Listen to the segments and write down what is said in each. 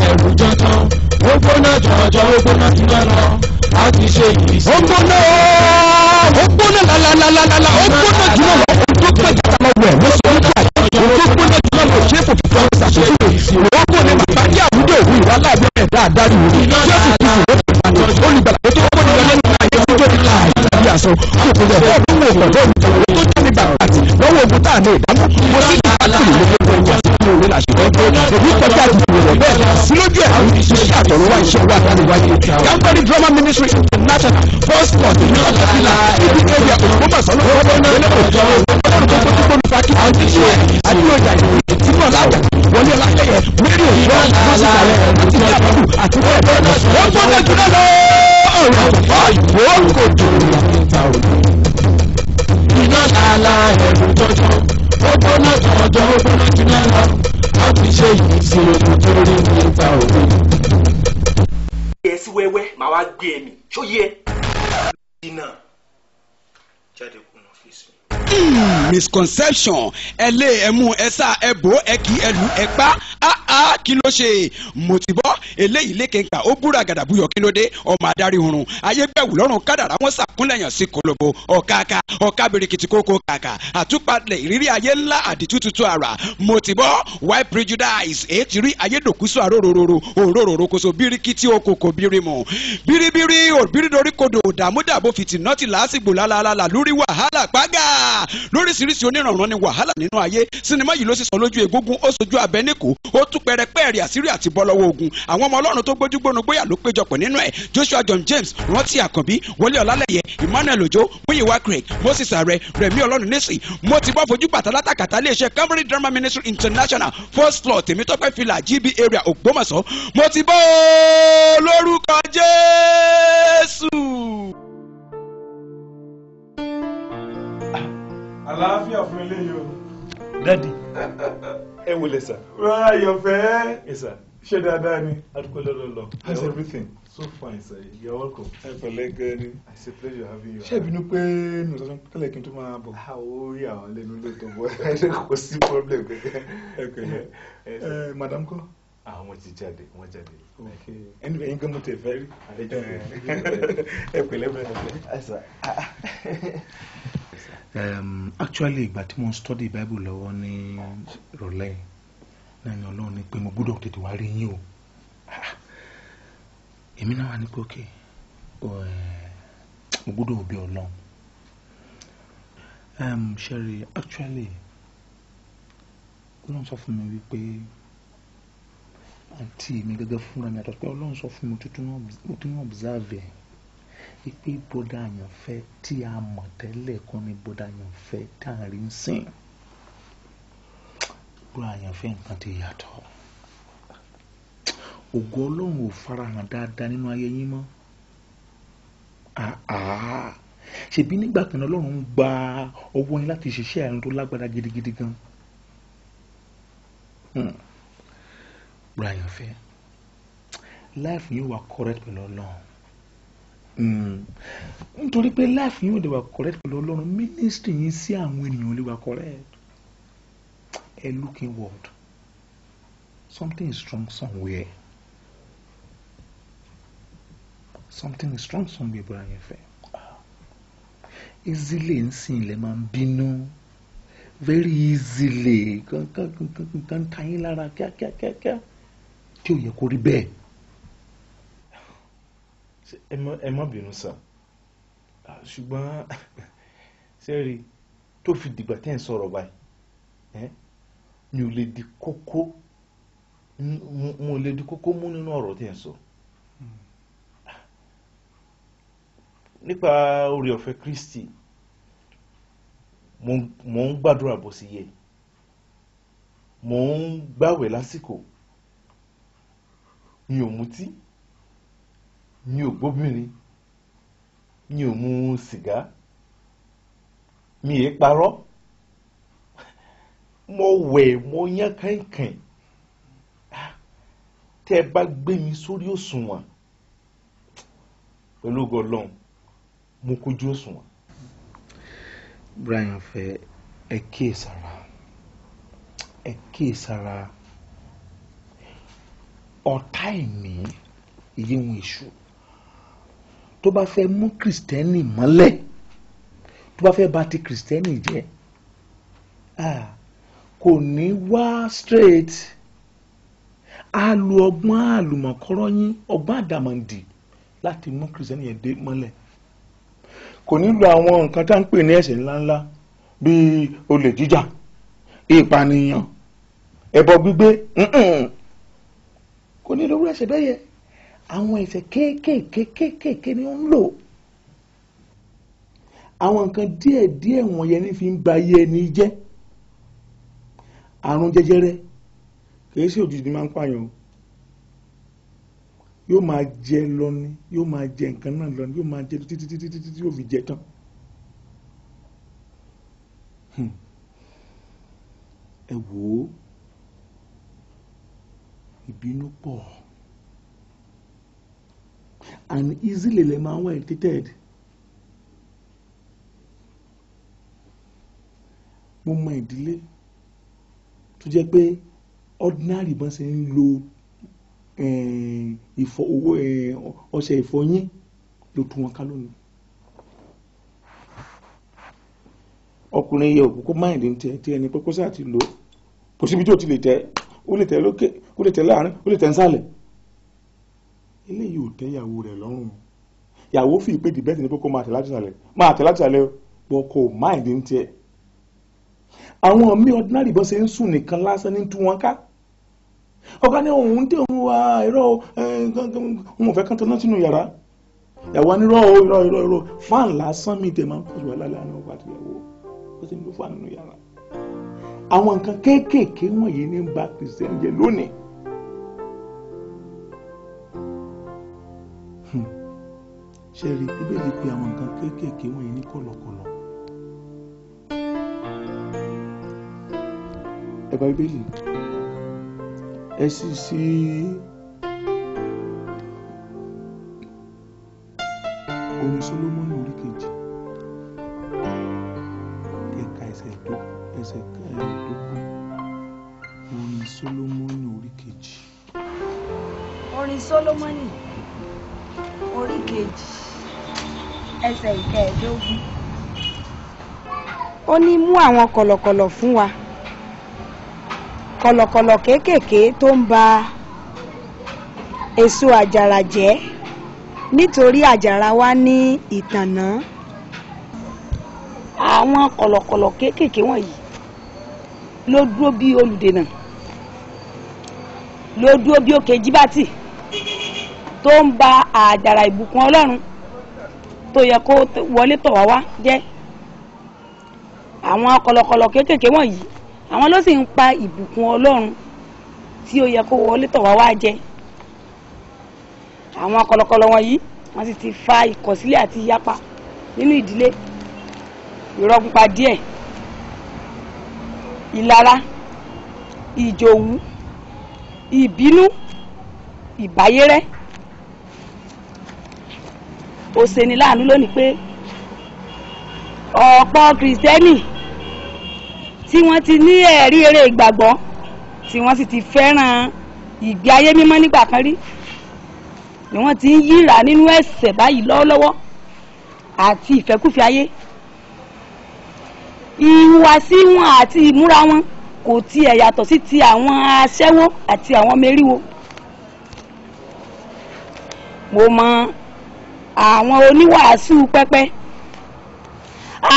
rẹ̀ rojọ́ tán ó gbóná jọjọ ó gbóná jùlọ lọ a ti ṣe ìrísí. ó gbóná ó gbóná lalalalala ó gbóná jùlọ lọ tó pẹ́ jàdá lọ́wọ́ ló sọ wípé àjọ tó jùlọ lọ ṣé fòfin tó ń ṣàṣeyọrọ ìṣirò ó kò ní bàbá ní àwùjọ òwú ìwà láàbí dáadáa ní òfin olùgbàlà tó tó gbóná lọ lẹ́nu ayé ní ìdáná mo sì rẹ̀ bẹ́ẹ̀ lọ sí ẹ̀ àwọn iṣẹ́ àtọ̀rọ̀ wá iṣẹ́ wá láti wáyé Drama Ministry International first court ní ọjà sílá ibi ní ọjà òyìnbó màsánà ọgbọ́n náà ní ọjọ́ ọgbọ́n tó fojú gbọ́n nípa kí àwọn iṣẹ́ àdúrójà ìròyìn tí wọ́n lájà wọlé ọlákẹ́yẹ mẹ́rin òyìnbó màsánà àti ìjàpàkù àti wọ́n gbọ́dọ̀ jùlọ lọ ọ̀rọ̀ ọ̀yọ́ kò dùn ìyá ìta òyìnbó iná làálàá ẹ̀rù tọ́jú tó gbóná jọ̀jọ̀ ó gbóná jù náà lọ láti ṣe yìí sí ojú tó rí níta òun. ẹ sí wẹ́wẹ́ màá wá gbé ẹ̀mí ṣó yẹ. jáde kú. Hmm, misconception ẹ lé ẹ mú ẹ sá ẹ bò ẹ kì ẹ lù ẹ pa áá kí ló ṣe mo ti bọ́ eléyìí lékenka ó búra gàdàbúyọ̀ kí ló dé ọmọ adarí oorun ayégbẹ̀wò lọ́rùn kádàrá wọn sàkúnlẹ̀yàn sí kolobo ọ̀kàkà ọ̀kà birikiti kókó kàkà àtúpalẹ̀ ìrírí ayé ńlá àdìtútútù ara mo ti bọ́ why prejudice èyí ti rí ayédòkúsọ àróróróró òróróró kóso birikiti okòkò birimu biribiri òbíridoríkodò dàmúdàbò fìtì nọ́tì làásìgbò lálálálà lórí wàhálà pàgà wàhálà lóríṣiríṣi onírànràn ni wàhálà nínú ayé sinimá yìí ló sì sọ lójú egungun ó sojú abẹ́nìkò ó tún pẹrẹpẹrẹ àṣírí àti bọ́ lọ́wọ́ ogun àwọn ọmọ ọlọ́run tó gbójú gbónú gbóyà ló péjọpọ̀ nínú ẹ̀ Joshua John James rántí àkànbí wọlé ọ̀làlẹ̀yẹ Emmanuel ojo múyìwá craig moses ààrẹ rẹ̀mí ọlọ́run nísì mo ti bọ́ fojú bàtà látàkàtà iléeṣẹ́ Camry Drama Ministry International first floor tèmítọ́pẹ́ Fila, gb area ògbómọ̀ṣọ́ mo ti bọ́ lórúkọ jésù. àlàáfíà fún eléyìí o. dadi ẹ wọlé sà. rárá yọ̀fẹ́. ẹ sà. ṣé dáadáa ni. adúgbò lọ́dọ̀ lọ. how's everything. so fine sir you are welcome. ẹ pẹ̀lẹ́ gan ni. it's a pleasure having you. ṣé ìbínú pé mi ò sọ fún tẹ́lẹ̀ kí n tó máa bọ̀. a ah, ó rí àwọn lẹ́nu lóòótọ́ bọ́ ẹ kò sí problem kankan. ẹ pẹ̀lẹ́ ẹ eh, madam kọ́ àwọn ah, ti jáde wọn jáde. ẹni bẹ́ẹ̀ nǹkan mo tẹ̀ fẹ́ rí. Eh, ẹ pẹ̀lẹ́ bẹ́ẹ̀ ni um, actually ìgbà tí mo ń study bible lọ́wọ́ ní ìrọ̀lẹ́ náà ni ọlọ́run ní pé mo gbọ́dọ̀ tètè wá rí yín o ah, èmi náà wà ní pé òkè eh, mo gbọ́dọ̀ òbí ọlọ́run um, ṣeré actually ọlọ́run sọ fún mi wípé àǹtí mi gẹ́gẹ́ fúnra mi àtọ́pẹ́ ọlọ́run sọ fún mi tuntun observe pé bóda yàn fẹ́ tí a mọ̀ tẹ́lẹ̀ kún ní bóda yàn fẹ́ tá à ń rí ń sìn bóda yàn fẹ́ nǹkan ti yàtọ̀ ògo ọlọ́run ò farahàn dáadáa nínú ayé yín mọ́ ṣèbí nígbà kan ọlọ́run ń gba ọwọ́ yín láti ṣiṣẹ́ àrùn tó lágbára gidigidi gan hmm. bóda yàn fẹ́ life yóò wá correct pẹ̀lú ọlọ́run. Mm. nítorí pé life yóò lè wà correct pẹ̀lú ọlọ́run ministry yín sí àwọn ènìyàn lè correct A looking inward something is strong somewhere something is strong somewhere bọ́ra yẹn fẹ́ easily ń sìn ilẹ̀ máa ń bínú very easily kankan kankan kankan ta yín lára kíákíákíá tí ò yẹ kó rí bẹ́ẹ̀ ẹ má bínú sà ṣùgbọ́n sẹ́rí tó fi dìgbà tẹ́ ń sọ̀rọ̀ báyìí mi ò lè di kókó mo lè di kókó mú nínú ọ̀rọ̀ tẹ́ ń sọ. nípa oore ọ̀fẹ́ Kristi mo ń gbàdúrà bó sì yẹ mo ń gbàwẹ̀ lásìkò mi ò mutí mi ò gbóbìnrin mi ò mu sìgá mi è parọ́ mo wẹ̀ mo yán kànkàn tẹ́ ẹ bá gbé mi sórí òṣùwọ̀n pẹ̀lú ògo Ọlọ́run mo kójú òṣùwọ̀n. Brian fẹ́ ẹ kíyèsára ẹ kíyèsára ọ̀tá ẹ̀mí ìyéhun èṣù tó bá fẹ́ mú kìrìsìtẹ́nì mọ́lẹ̀ tó bá fẹ́ bà ti kìrìsìtẹ́nì jẹ́ kò ní wá straight a lu ọgbọ́n àlùmọ̀kọ́rọ́yìn ọgbọ́n àdàmọ̀dì láti mú kìrìsìtẹ́nì yẹn dé mọ́lẹ̀ kò ní lo àwọn nǹkan tá à ń pè ní ẹ̀ṣẹ̀ ńláńlá bíi olè jíjà ìpànìyàn ẹbọ gbígbé kò ní lo owó ẹ̀ṣẹ̀ bẹ́ẹ̀ yẹn àwọn ẹ̀ṣẹ̀ kéékèèké kéékèèké ni ó ń lò àwọn nǹkan díẹ̀díẹ̀ wọ̀nyẹn ní fi ń ba ayé ẹni jẹ́ àrùn jẹjẹrẹ kìí ṣe òjijì máa ń pààyàn o yóò máa jẹ lọ́ni yóò máa jẹ nǹkan náà lọ́ni yóò máa jẹ títí títí títí tí yóò fi jẹ tán hmm. ẹ wò ó ìbínú pọ̀ and easily lè máa wọ́n edited. mo mọ ìdílé tó jẹ́ pé ordinary bọ́n ṣe ń lo eh, ìfọ owó eh, ọṣẹ ìfọyín ló tú wọn ká lónìí. ọkùnrin yẹ òkú kó máìndì ń tẹ tí ẹni pé kó sáà ti lò ó kò síbi tí ò ti lè tẹ ó lè tẹ lókè ó lè tẹ láàrin ó lè tẹ nsàlẹ̀ eléyìí ò tẹ́ ìyàwó rẹ̀ lọ́rùn ìyàwó fi ìpè dìbẹ́tì ní kókó máa tẹ̀ láti sàlẹ̀ máa tẹ̀ láti sàlẹ̀ wọn kò máìdí ń tiẹ̀ àwọn mí ordinary bọ́ ṣe ń sùn nìkan lásán ní tú wọn ká ọ̀gá ni òun tẹ̀ òun wá irọ́ òun ò fẹ́ kán tọ́ná sínú yàrá ìyàwó anirọ́ irọ́ irọ́ irọ́ fan lásán mi tẹ̀ máa ń pọ̀jù alálẹ́ àná ọgbà tó yàwó ó sì ń lo fan nínú yàrá àwọn nǹkan kéékèèké wọ̀nyí ní ń ba kìrìsìtẹ́nì jẹ lónìí ṣe rí bíbélì pé àwọn nǹkan kéékèèké wọ̀nyí ní kọ̀lọ̀kọ̀lọ̀ ẹ bá bíbélì ẹ sì sí orin solomoni orí kejì ẹ̀ka ẹsẹ̀ tó ẹsẹ̀ ká ẹ̀ tó kù orin solomoni orí kejì. orin solomoni. ẹsẹ̀ ìkẹẹ̀ẹ́dógún. ó ní mú àwọn kọ̀lọ̀kọ̀lọ̀ fún wa kọ̀lọ̀kọ̀lọ̀ kéékèèké tó ń ba èso àjàrà jẹ́ nítorí àjàrà wa ní ìtànná. àwọn kọ̀lọ̀kọ̀lọ̀ kéékèèké wọ̀nyí ló dúró bí olùdènà ló dúró bí òkè jíbátì tó ń ba àjàrà ìbùkún ọlọ́run tó yẹ kó wọlé tọ̀ wá wá jẹ́ àwọn kọlọkọlọ kéékèèké wọ̀nyí àwọn ló sì ń pa ìbùkún ọlọ́run tí ó yẹ kó wọlé tọ̀ wá wá jẹ́ àwọn kọlọkọlọ wọ̀nyí wọ́n sì ti fa ìkọ̀sílẹ̀ àti ìyapa nínú ìdílé irọ́ pípa díẹ̀ ìlara ìjòwú ìbínú ìbáyérẹ́ ó ṣe ni láàánú lónìí pé ọ̀pọ̀ kìrìsìtẹ́nì tí wọ́n ti ní ẹ̀rí eré ìgbàgbọ́ tí wọ́n sì ti fẹ́ràn ìgbé ayé mímọ́ nígbà kan rí ni wọ́n ti ń yíra nínú ẹ̀ṣẹ̀ báyìí lọ́wọ́lọ́wọ́ àti ìfẹ́kùfẹ́ ayé ìhùwàsí wọn àti ìmúra wọn kò tiẹ̀ yàtọ̀ sí ti àwọn aṣẹ́wó àti àwọn mẹ́ríwo mo mọ àwọn oníwàásù pẹ́pẹ́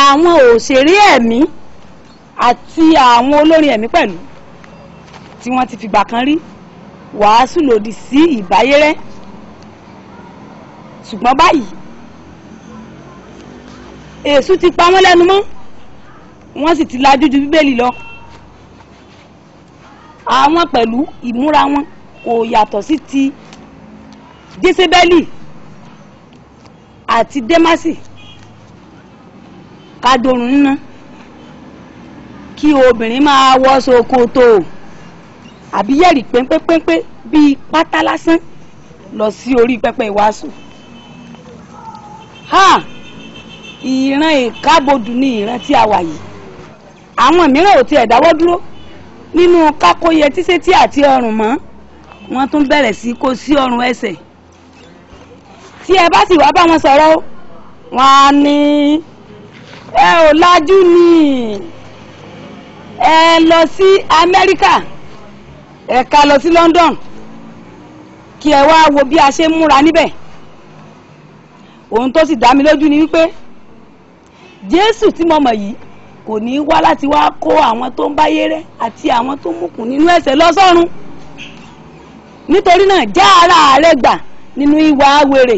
àwọn òṣèré ẹ̀mí àti àwọn olórin ẹ̀mí pẹ̀lú tí wọ́n ti fìgbà kan rí wàásù lòdì sí ìbáyérẹ́ ṣùgbọ́n báyìí èṣù ti pa wọ́n lẹ́nu mọ́ wọ́n sì ti lajú ju bíbélì lọ àwọn pẹ̀lú ìmúra wọn kò yàtọ̀ sí ti jésébélì àti dẹ́másì ká dorun níná kí obìnrin máa wọ ṣòkòtò àbí yẹ̀rì péńpépéńpé bíi pátá lásán lọ sí orí pẹpẹ ìwàásù ìran ìkábodù ni ìran tí a wà yìí àwọn mìíràn ò tiẹ̀ dáwọ́ dúró nínú kákóyẹ tíṣẹ́tí àti ọrùn mọ́ wọ́n tún bẹ̀rẹ̀ sí kó sí ọrùn ẹsẹ̀ tí ẹ bá sì wá bá wọn sọ̀rọ̀ ó wọn á ní ẹ ò lajú ni ẹ lọ sí Amẹ́ríkà ẹ lọ sí London kí ẹ wá wo bí a ṣe ń múra níbẹ̀ ohun tó sì dá mi lójú ni wípé Jésù tí mo mọ̀ yìí kò ní í wá láti wá kó àwọn tó ń bá yéré àti àwọn tó ń mùkùn nínú ẹ̀ṣẹ̀ lọ nítorí náà já ara rẹ gbà nínú ìwà wèrè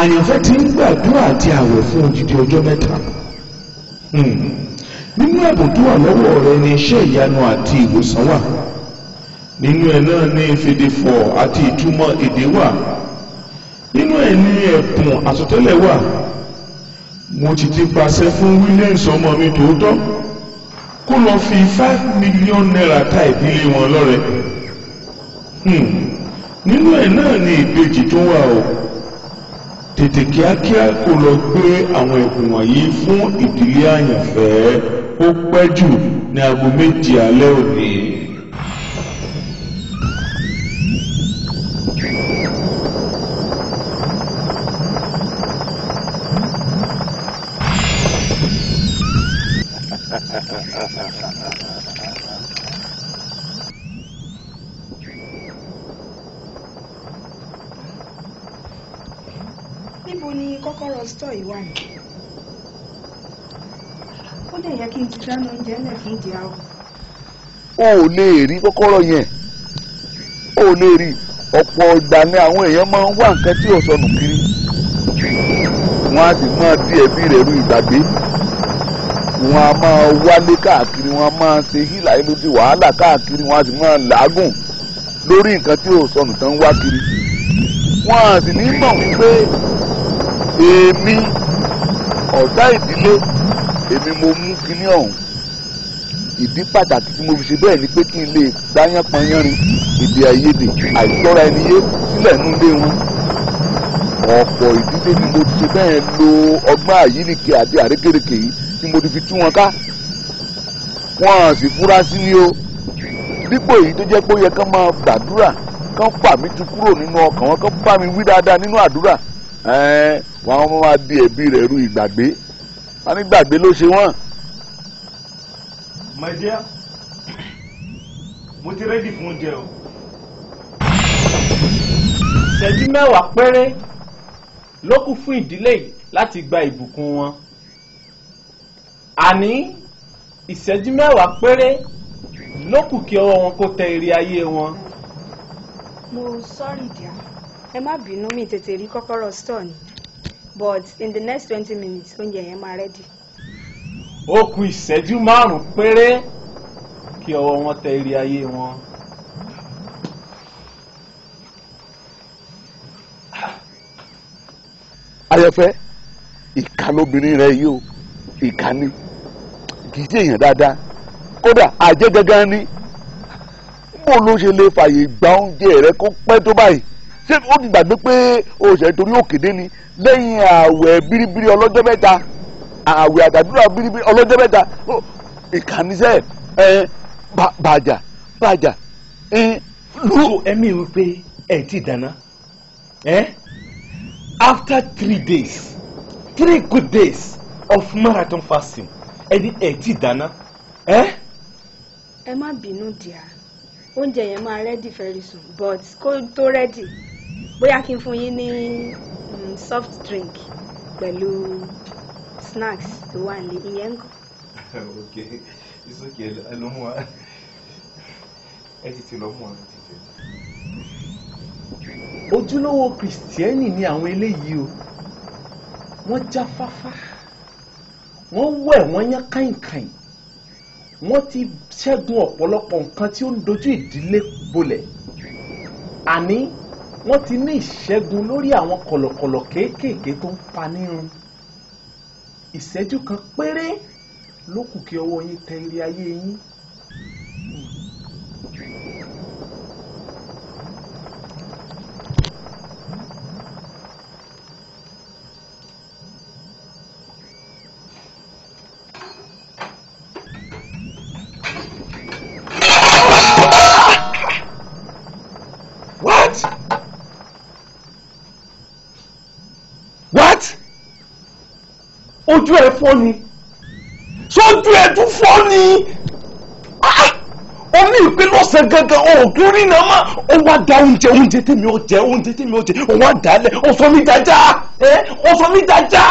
àyànfẹ́ ti ń gbàdúrà àti àwẹ̀ fún odidi ọjọ́ mẹ́ta hmm. nínú ẹ̀bùn tó wà lọ́wọ́ rẹ ni iṣẹ́ ìyanu àti ìwòsàn wà nínú ẹ̀ náà ni ìfèdèfọ̀ àti ìtumọ̀ èdè wà nínú ẹ̀ ni ẹ̀bùn àsọtẹ́lẹ̀ wà mo ti ti pàṣẹ fún Williams ọmọ mi tòótọ́ kó lọ fi five million naira ta ìdílé wọn lọ́rẹ hmm. nínú ẹ̀ náà ni ìbejì tó wà o tètè kíákíá kó lọ gbé àwọn ẹ̀bùn wọ̀nyí fún ìdílé àyànfẹ́ ó pẹ́ jù ní aago méje alẹ́ òní. dáná oúnjẹ ńlẹ̀ fún ìdí àwọ̀. o ò lè rí kọ́kọ́rọ́ yẹn o ò lè rí ọ̀pọ̀ ìgbà ni àwọn èèyàn máa ń wá nǹkan tí ò sọnù kiri wọ́n á sì máa di ẹbí rẹ̀ ru ìgbàgbé wọ́n á máa wálé káàkiri wọ́n á máa ṣe hílà ìlú wàhálà káàkiri wọ́n á sì máa làágùn lórí nǹkan tí ò sọnù tán wá kiri wọ́n á sì ní mọ̀ wípé èmi ọ̀tá ìdílé èmi mo mú kinní ọ̀hún ìdí pàtàkì tí mo fi ṣe bẹ́ẹ̀ ni pé kí n lè gbáyán pọnyánrin èdè àìyedè àìsọ́ra ẹni yé sílẹ̀ nílé wọn ọ̀pọ̀ ìdílé ni mo ti ṣe bẹ́ẹ̀ lo ọgbọ́n àyíníke àti àrékèrèkè yìí ni mo ti fi tú wọn ká wọn sì fura sí ni o dípò èyí tó jẹ́ pé ó yẹ kán máa gbàdúrà kán fà mí tu kúrò nínú ọkàn wọn kán bá mi wí dáadáa nínú àdúrà wọn máa di ẹ̀bi rẹ̀ ru ìgbàgbé wọn ní gbàgbé ló ṣe wọ́n my dear mo ti rẹ́dì fún oúnjẹ o. ìṣẹ́jú mẹ́wàá péré ló kù fún ìdílé yìí láti gba ìbùkún wọn. àní ìṣẹ́jú mẹ́wàá péré ló kù kí ọwọ́ wọn kó tẹ èrè ayé wọn. mo sọ́rí díà ẹ má bínú mi tètè rí kọ́kọ́rọ́ store ni but in the next twenty minutes oúnjẹ yẹn máa rẹ́dì ó kù ìṣẹ́jú márùn-ún péré kí ọwọ́ wọn tẹ eré ayé wọn. ayọ̀fẹ́ ìka lóbìnrin rẹ yìí o ìka ni kì í ṣe èèyàn dáadáa kódà àjẹ́ gangan ni bó ló ṣe lè fààyè gba oúnjẹ rẹ kó pẹ́ tó báyìí ṣé ó ti gbàgbé pé òṣèré torí òkèdè ni lẹ́yìn ààwẹ̀ bíríbírí ọlọ́jọ́ mẹ́ta àwẹ̀ àdàdúrà bíríbírí ọlọ́jọ́ mẹ́ta ìkànnìṣẹ́ ẹ bàjà bàjà ẹ lù. ẹ̀mí wípé ẹ̀ ti dáná ẹ̀ after three days three good days of marathon fasting ẹni ẹ̀ ti dáná ẹ̀. ẹ má bínú díà oúnjẹ yẹn máa rẹ́dì very soon but kó tó rẹ́dì bóyá kí n fún yín ní mm, soft drink pẹ̀lú snacks tó wà ní ìyẹn nǹkan. it's okay I know mú I ẹ ti ti lọ mú wa ti ojúlówó kìrìsìtẹ́nì ni àwọn eléyìí o wọ́n jáfáfá wọ́n wẹ̀ wọ́n yán káìnkáìn wọ́n ti ṣẹ́gun ọ̀pọ̀lọpọ̀ nǹkan tí ó ń dojú ìdílé bolẹ̀ àní wọ́n ti ní ìṣẹ́gun lórí àwọn kọ̀lọ̀kọ̀lọ̀ kéékèèké tó ń pa nírun ìṣẹ́jú kan péré ló kù kí ọwọ́ yín tẹ ilé ayé yín sójú ẹ fọ́ sójú ẹ tún fọ́ ni ní ìpín lọ́sẹ̀ gangan òògùn rìnnà mọ́ ó wá da oúnjẹ oúnjẹ tèmi ó jẹ oúnjẹ tèmi ó jẹ ó wá dálẹ̀ ó sọ mí dájá ẹ ó sọ mí dájá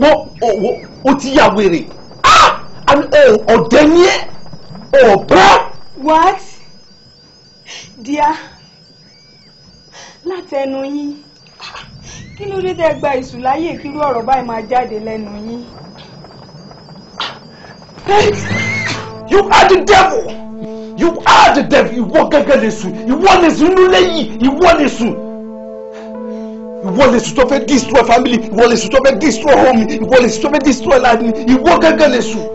wọ́n ó ti yà wèrè ọ̀dẹ̀ ni ẹ ọ̀bẹ. what dear láti ẹnu yín kí ló dé gba ìsù láyè kírú ọ̀rọ̀ báyìí máa jáde lẹ́nu yín. you are the devil you are the devil ìwọ gẹ́gẹ́ lè sùn ìwọ lè sùn inú lẹ́yìn ìwọ lè sùn ìwọ lè sùn tó fẹ́ destroy family ìwọ lè sùn tó fẹ́ destroy home ìwọ lè sùn tó fẹ́ destroy life ìwọ gẹ́gẹ́ lè sùn.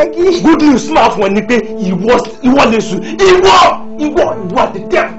Jackie. good news máa fún ẹ ni pé ìwọ ìwọ lè sùn ìwọ ìwọ ìwọ àti death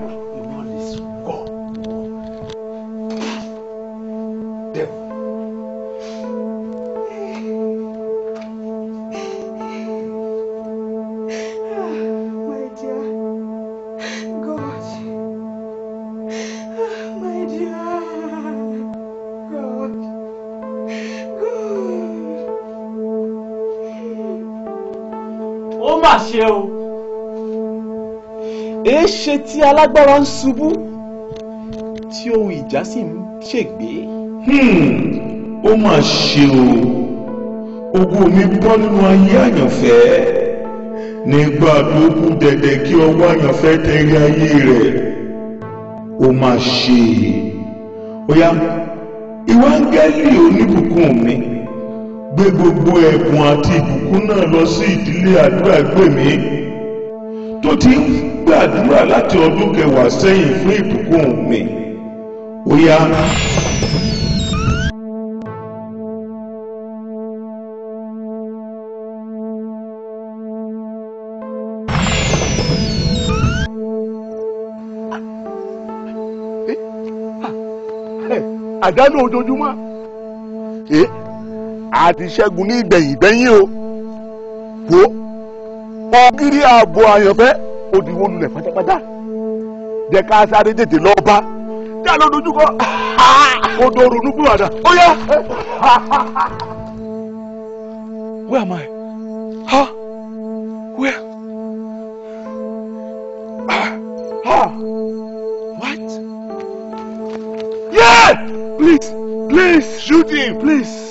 ṣe o èéṣe tí alágbára ń ṣubú tí ohun ìjà sì ń ṣègbé. Hmm, ó mà ṣe o ogun mi bọ́ nínú ayé àyànfẹ́ nígbà tó kú dẹ̀dẹ̀ kí ọwọ́ àyànfẹ́ tẹ̀lé ayé rẹ̀ ó mà ṣe ó yá ìwáńgẹ́lì oníbùkún mi gbé gbogbo ẹ̀bùn àti ìbùkún náà lọ sí ìdílé àdúrà gbèmí tó ti ń gbàdúrà láti ọdún kẹwàá sẹ́yìn fún ìbùkún mi ó yá. àdánù ojoojúmọ́ àti ṣẹ́gun ní ìgbẹ̀yìn gbẹ̀yìn o wo ògiri ààbò àyànfẹ́ òdìwọ́ lulẹ̀ pátápátá jẹ́ ká sáré tètè lọ bá dá ló dojú kọ́ odò ronú gbúwàdà ó yá. Where am I? Huh? Where? Ah. Huh? What? Yeah! Please, please shoot him, please.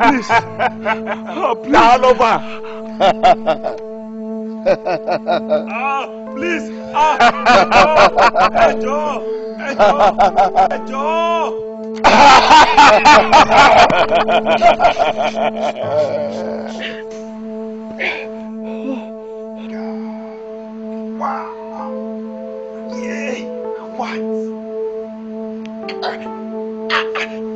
Please. Oh, please. All over. ah, please. Ah, ẹ jọ̀ọ́. Ẹ jọ̀ọ́. wow. Yeah. What? Uh,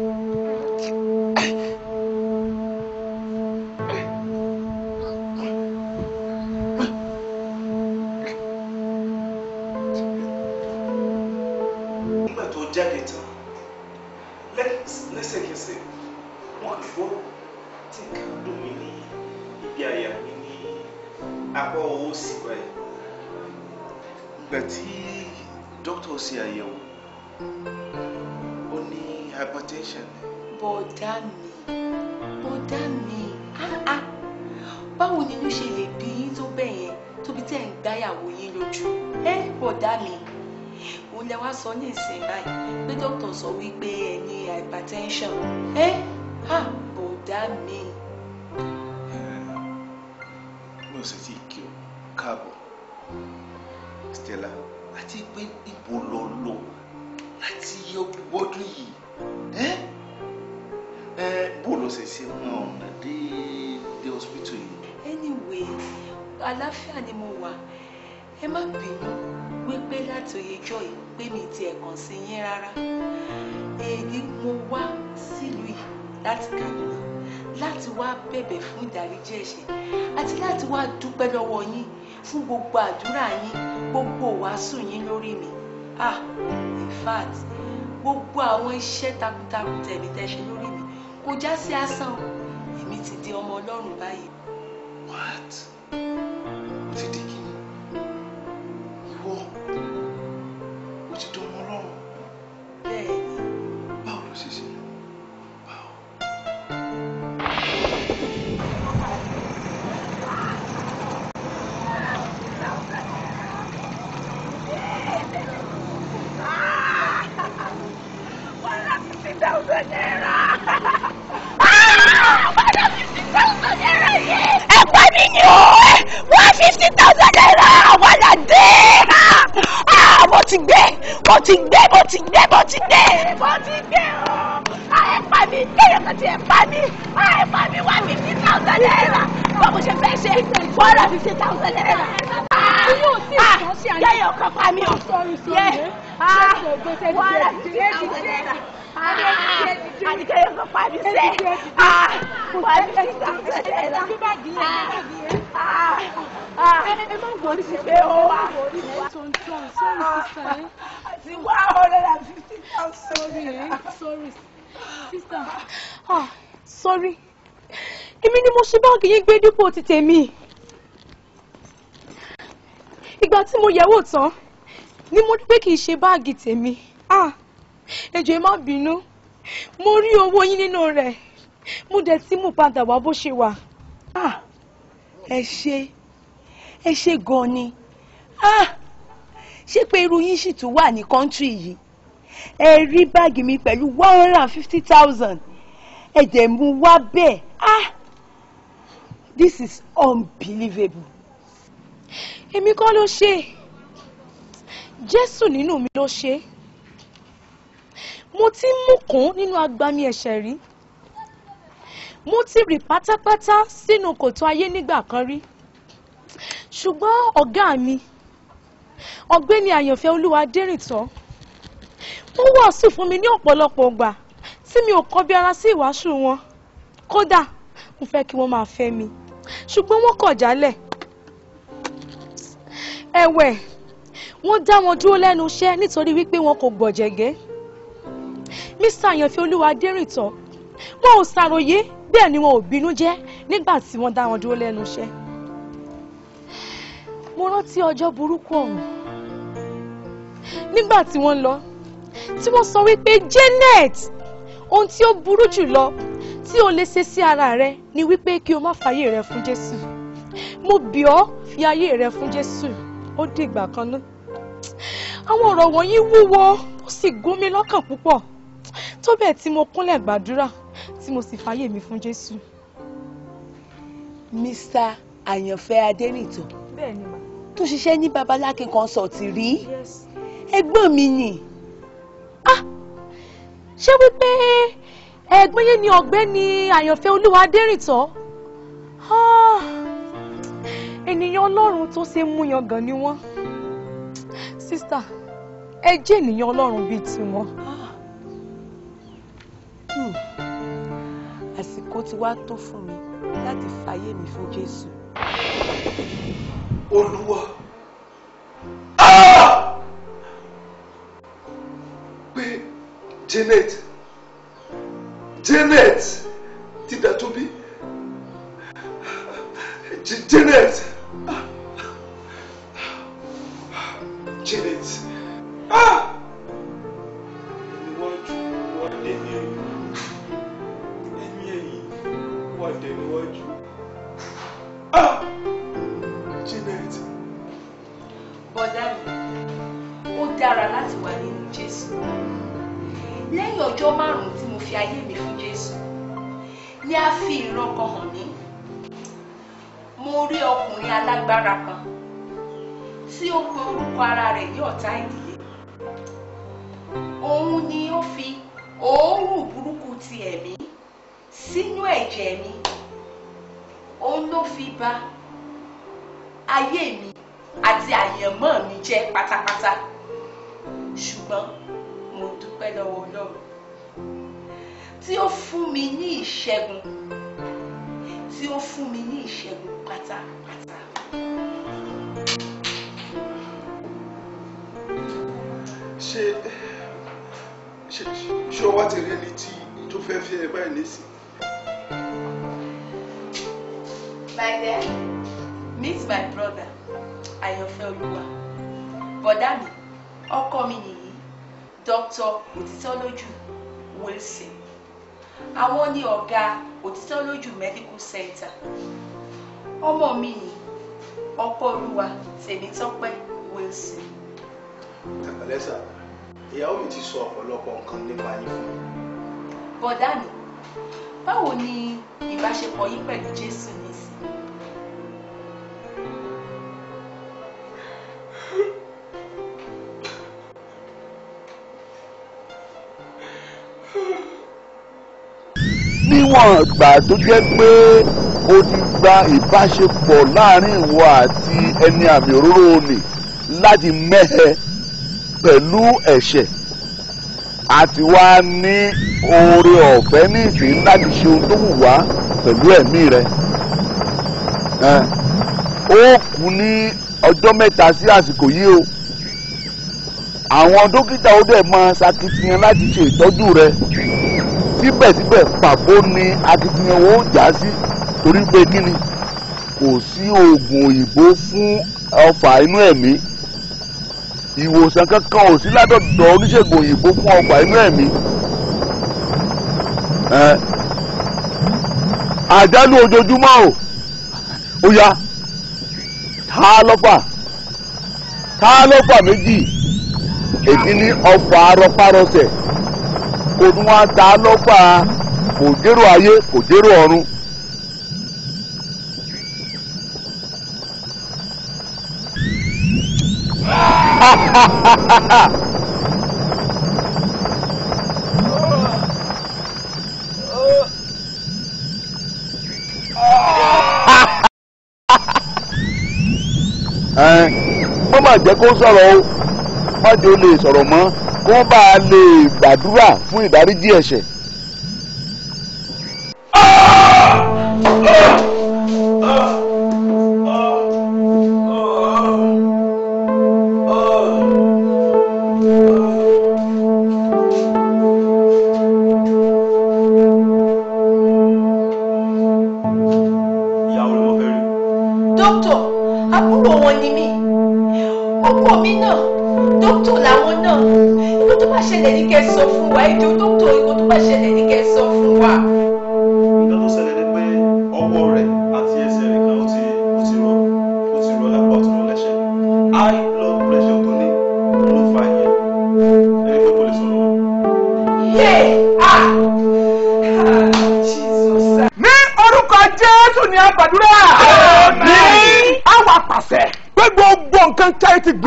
jẹ̀bi tán lẹ́sẹ̀kẹsẹ̀ wọ́n gbọ́ tí nǹkan dùn mí ní ibi àyà mi ní apá ọwọ́ òsì báyìí ìgbà tí dókítà ṣe àyẹ̀wò ó ní hypertension. bọ̀dá mi bọ̀dá mi báwo ni inú ṣe lè bí yín tó bẹ́ẹ̀ yẹn tóbi tẹ́ ń gbáyàwó yín lójú ẹ bọ̀dá mi òun lẹ wá sọ ní ìsìn báyìí pé dókítà sọ wípé ẹ hypertension ẹ ha bò dá mi. mi ò sì tí ì kí o káàbọ̀ Stella àti pé ibo lọ lọ láti yọ gbọdún yìí ẹ ẹ bó lọ ṣe ṣe wọn ọ̀nà dé dé hospital yìí. anyway àlàáfíà ni mo wà ẹ má bínú wípé láti oyè jọ yìí pé mi ti ẹ̀kàn sí yín rárá èyí mo wá sílùú yìí láti Kaduna láti wá bẹ̀bẹ̀ fún ìdáríjì ẹ̀ṣẹ̀ àti láti wá dúpẹ́ lọ́wọ́ yín fún gbogbo àdúrà yín gbogbo wàásù yín lórí mi ah in fact gbogbo àwọn iṣẹ́ takuntakun tẹ̀mí tẹ́ lórí mi kò já sí asán èmi ti di ọmọ Ọlọ́run báyìí. what? ti di kí. fifty thousand naira wàhálà dé mo ti gbé mo ti gbé mo ti gbé mo ti gbé mo ti gbé o ẹ pa mi kéèyàn kan ti ẹ pa mi ẹ pa mi wá fifty thousand naira bó mo ṣe fẹ́ ṣe four hundred fifty thousand naira kéèyàn kan pa mi o yẹ four hundred fifty thousand naira àdìkẹ́ yóò fọ pàdé sẹ́ pàdé sàkẹ́sẹ̀ la ẹ má gbọ́ ní ṣe ó wà àti one hundred and fifty thousand. sorry sister ah sorry èmi ni mo ṣe báàgì yín gbé dípò ti tèmi ìgbà tí mo yẹ̀wò tán ni mo rí pé kì í ṣe báàgì tèmi ah ẹ jọ̀ọ́ ẹ má bínú mo rí owó yín nínú rẹ̀ mo dẹ̀ tí mo padà wá bó ṣe wà. Ah! ẹ ṣe ẹ ṣe gan ni ah! ṣé pé irú yín sì tún wà ní kọ́ńtírì yìí ẹ rí báàgì mi pẹ̀lú one hundred and fifty thousand ẹ dẹ̀ mú wá bẹ́ẹ̀ ah this is unbelievable. èmi kọ́ ló ṣe jésù nínú mi ló ṣe é mo ti mú kún nínú agbami ẹ̀ṣẹ̀ rí mo ti rì pátápátá sínú kòtò ayé nígbà kan rí ṣùgbọ́n ọ̀gá mi ọ̀gbẹ́ni àyànfẹ́ olúwa dérìntàn ó wàásù fún mi ní ọ̀pọ̀lọpọ̀ ọgbà tí mi ò kọbi ara sí ìwàásù wọn kódà mo fẹ́ kí wọ́n máa fẹ́ mi ṣùgbọ́n wọ́n kọ̀ jálẹ̀ ẹ̀wẹ̀ wọ́n dá wọn dúró lẹ́nu iṣẹ́ nítorí wípé wọn kò gbọ̀jẹ̀gẹ́ mr àyànfẹ́ olúwa adẹ́rìntàn wọn ò ṣàròyé bẹ́ẹ̀ ni wọn ò bínú jẹ́ nígbà tí wọ́n dá wọn dúró lẹ́nu iṣẹ́ mo rántí ọjọ́ burúkú ọ̀hún nígbà tí wọ́n lọ tí wọ́n sọ wípé Janet ohun tí ó burú jù lọ tí o lè ṣe sí ara rẹ ni wípé kí o má fàyè rẹ fún Jésù mo bì ọ́ fi ayé rẹ fún Jésù ó dìgbà kan náà àwọn ọ̀rọ̀ wọ̀nyí wúwo ó sì gún mi lọ́kàn púpọ̀ tó bẹ́ẹ̀ tí mo kúnlẹ̀ gbàdúrà tí mo sì fàyè mi fún Jésù. Mr. àyànfẹ́ adẹ́nìtàn tó ṣiṣẹ́ ní babaláke consult rí ẹgbọ́n mi nì ah! ṣé wípé ẹ̀gbọ́n yẹn ni ọ̀gbẹ́ni àyànfẹ́ olúwa adẹ́rìntàn ah! ènìyàn ọlọ́run tó ṣe mú yangàn ni wọ́n sísà ẹ jẹ́ ènìyàn ọlọ́run bíi tiwọn. Ah. Hmm. àsìkò ti wá tó fún mi láti fàyè mi fún Jésù. Olúwa. pé Janet Janet ti dàtúbí Janet. nísìn. my dear meet my brother Ayọ̀fẹ́ Olúwa bọ̀dá mi ọkọ mi nìyí Dr. Òtítọ́lójú Wilson àwọn ni ọ̀gá Òtítọ́lójú medical center ọmọ mi ni ọ̀pọ̀ olúwa Tèmítọ́pẹ́ Wilson. kàkàlẹ́sà ìyàwó mi ti sọ ọ̀pọ̀lọpọ̀ nǹkan nípa yín fún mi. bọ̀dá mi báwo ni ìbáṣepọ̀ yín pẹ̀lú Jésù nísìnyí. níwọ̀n ìgbà tó jẹ́ pé o ti gba ìbáṣepọ̀ láàrin ìwọ àti ẹni àmì òróró olè láti mẹ́hẹ pẹ̀lú ẹ̀ṣẹ̀ àti wá ní oore ọ̀fẹ́ ní ìsìn láti ṣe ohun tó wù wá pẹ̀lú ẹ̀mí rẹ̀ ó kù ní ọjọ́ mẹ́ta sí àsìkò yìí o àwọn dókítà ó dẹ̀ máa ṣakitiyan láti ṣe ìtọ́jú rẹ̀ síbẹ̀síbẹ̀ pàbó ni akitiyan wo já sí torí pé kíni kò sí oògùn òyìnbó fún ọfà inú ẹ̀mí. E ìwòsàn kankan ò sí ládọ̀dọ̀ oníṣègùn òyìnbó fún ọgbà inú ẹ̀mí àjálù ojoojúmọ́ o ó yá ta lọ́fà ta lọ́fà méjì èmi ní ọfà arọpárọsẹ̀ kò ní wá ta lọ́fà kò dérò ayé kò dérò ọ̀run. wọ́n máa jẹ́ kó sọ̀rọ̀ o má jẹ́ ó lè sọ̀rọ̀ mọ́ kó bá a lè gbàdúrà fún ìdáríjì ẹ̀ṣẹ̀.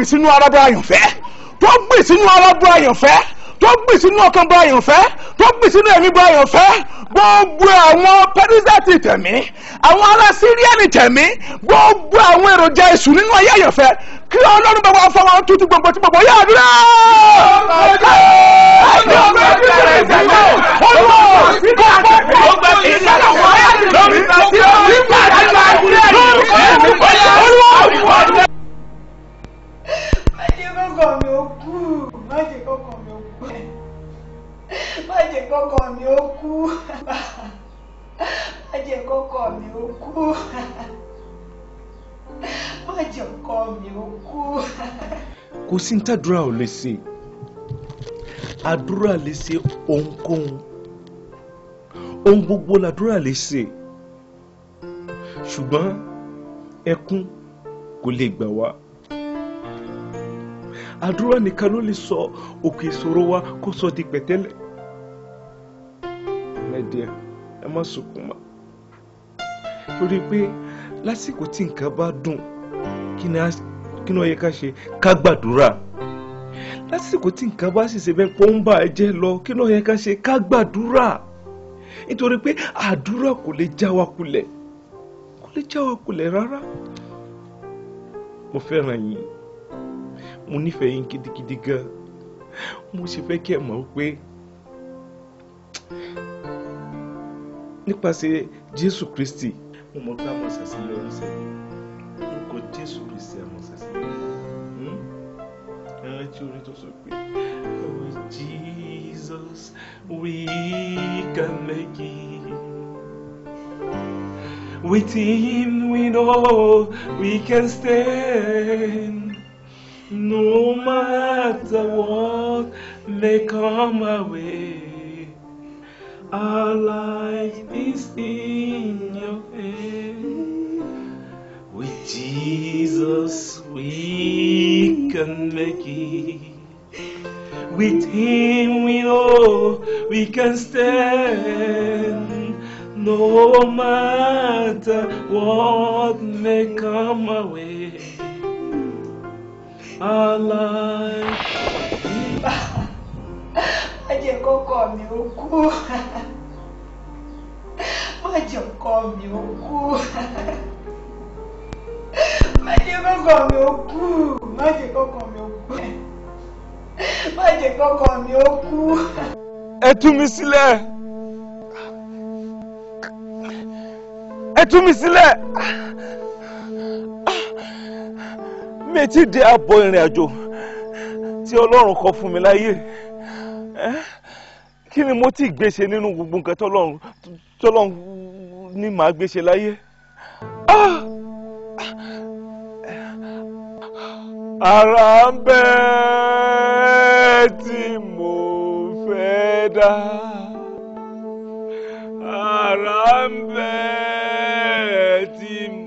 sínú arábọ̀ àyànfẹ́ tó gbìn sínú arábọ̀ àyànfẹ́ tó gbìn sínú ọkàn bọ̀ àyànfẹ́ tó gbìn sínú ẹ̀mí bọ̀ àyànfẹ́ gbogbo àwọn pẹ́rísẹ́tì tẹ̀mí àwọn ará síríẹ́nì tẹ̀mí gbogbo àwọn èròjà èṣù nínú ayé àyànfẹ́ kí ọlọ́run bá wà fún àwọn tútù gbogbo tí gbogbo yóò dúró. ọlọ́run kò gbẹ́ kò sí ntàdúrà ò lè ṣe àdúrà lè ṣe ohunkóhun ohun gbogbo làdúrà lè ṣe ṣùgbọ́n ẹkún kò lè gbà wá àdúrà nìkan ló lè sọ òkè ìṣòro wa kó sọ di pẹ̀tẹ́lẹ̀ mẹ́díà ẹ má sunkún mọ́ torí pé lásìkò tí nǹkan bá dùn kí ni a kí ló yẹ ká ṣe ká gbàdúrà lásìkò tí nǹkan bá sì ṣe bẹ́ẹ̀ pọ́n ń bà ẹ́ jẹ́ lọ kí ló yẹ ká ṣe ká gbàdúrà nítorí pé àdúrà kò lè já wa kulẹ̀ kò lè já wa kulẹ̀ rárá mo fẹ́ràn yín mo nífẹ̀ẹ́ yín gidigidi gan mo sì fẹ́ kí ẹ mọ̀ pé nípasẹ̀ Jésù Kristi mo mọ̀ pé a mọ̀ sàṣeyọrí sẹ́yìn orúkọ Jésù children to also pray. With Jesus, we can make it. With Him, we know we can stand. No matter what may come our way, our life is in your hands. With Jesus we can make it. With Him we know we can stand. No matter what may come our way, our life. Má jẹ́ kọ́kọ́ mi ó kú. Má jẹ́ kọ́kọ́ call ó kú. má jẹ́ kọ́kọ́ mi ó kú má jẹ́ kọ́kọ́ mi ó kú má jẹ́ kọ́kọ́ mi ó kú. ẹ tú mi sílẹ̀ ẹ tú mi sílẹ̀ mi ti dé àbọ̀ ìrìn àjò tí ọlọ́run kọ fún mi láyé kí ni mo ti gbé ṣe nínú gbogbo nǹkan tọ́lọ́run tọ́lọ́run ni màá gbé láyé. ara ń bẹ tí mo fẹ́ da ara ń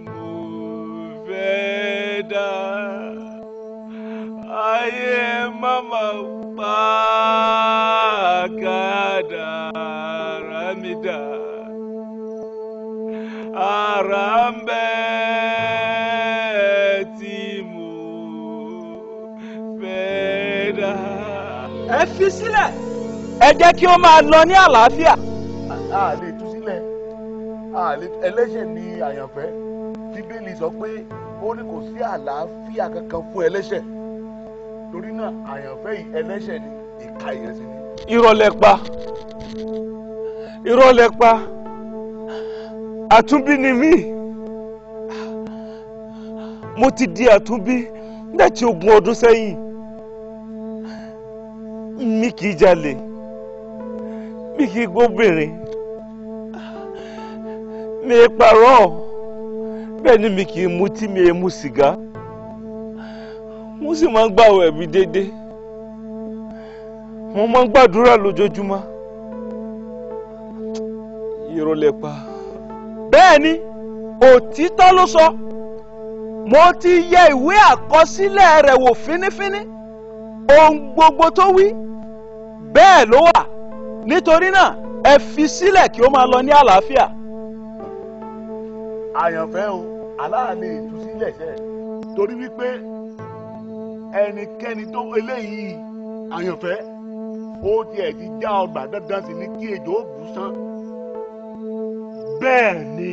mo fẹ́ dá ayé mama pa kádàrá mi fi sílẹ̀ ẹ jẹ́ kí ó máa lọ ní àlàáfíà. a lè tú sílẹ̀ ẹlẹ́ṣẹ̀ ni àyànfẹ́ bíbélì sọ pé ó ní kò sí àlàáfíà kankan fún ẹlẹ́ṣẹ̀ torí náà àyànfẹ́ yìí ẹlẹ́ṣẹ̀ ni ìka ìrẹsì ni. ìrọ̀lẹ́ pa ìrọ̀lẹ́ pa àtúnbí ni mí mo ti di àtúnbí láti ogún ọdún sẹ́yìn mi kì í jalè mi kì í gbóbìnrin mi ì parọ́ bẹ́ẹ̀ ni mi kì í mutí mi ì mu sìgá mo sì máa ń gbàwẹ̀ mi déédéé mo máa ń gbàdúrà lójoojúmọ́ irọ́ lẹ pa. bẹ́ẹ̀ ni òtítọ́ ló sọ mo ti yẹ ìwé àkọsílẹ̀ rẹ̀ wò fínífíní ohun gbogbo tó wí bẹ́ẹ̀ ló wà nítorí náà ẹ fi sílẹ̀ kí ó máa lọ ní àlàáfíà. àyànfẹ́ o aláàlè ìtúsílẹ̀ sẹ́ torí wípé ẹnikẹ́ni tó eléyìí àyànfẹ́ ó tiẹ̀ ti já ọgbà dandan sí ni kí ejò ó bù sán. bẹ́ẹ̀ ni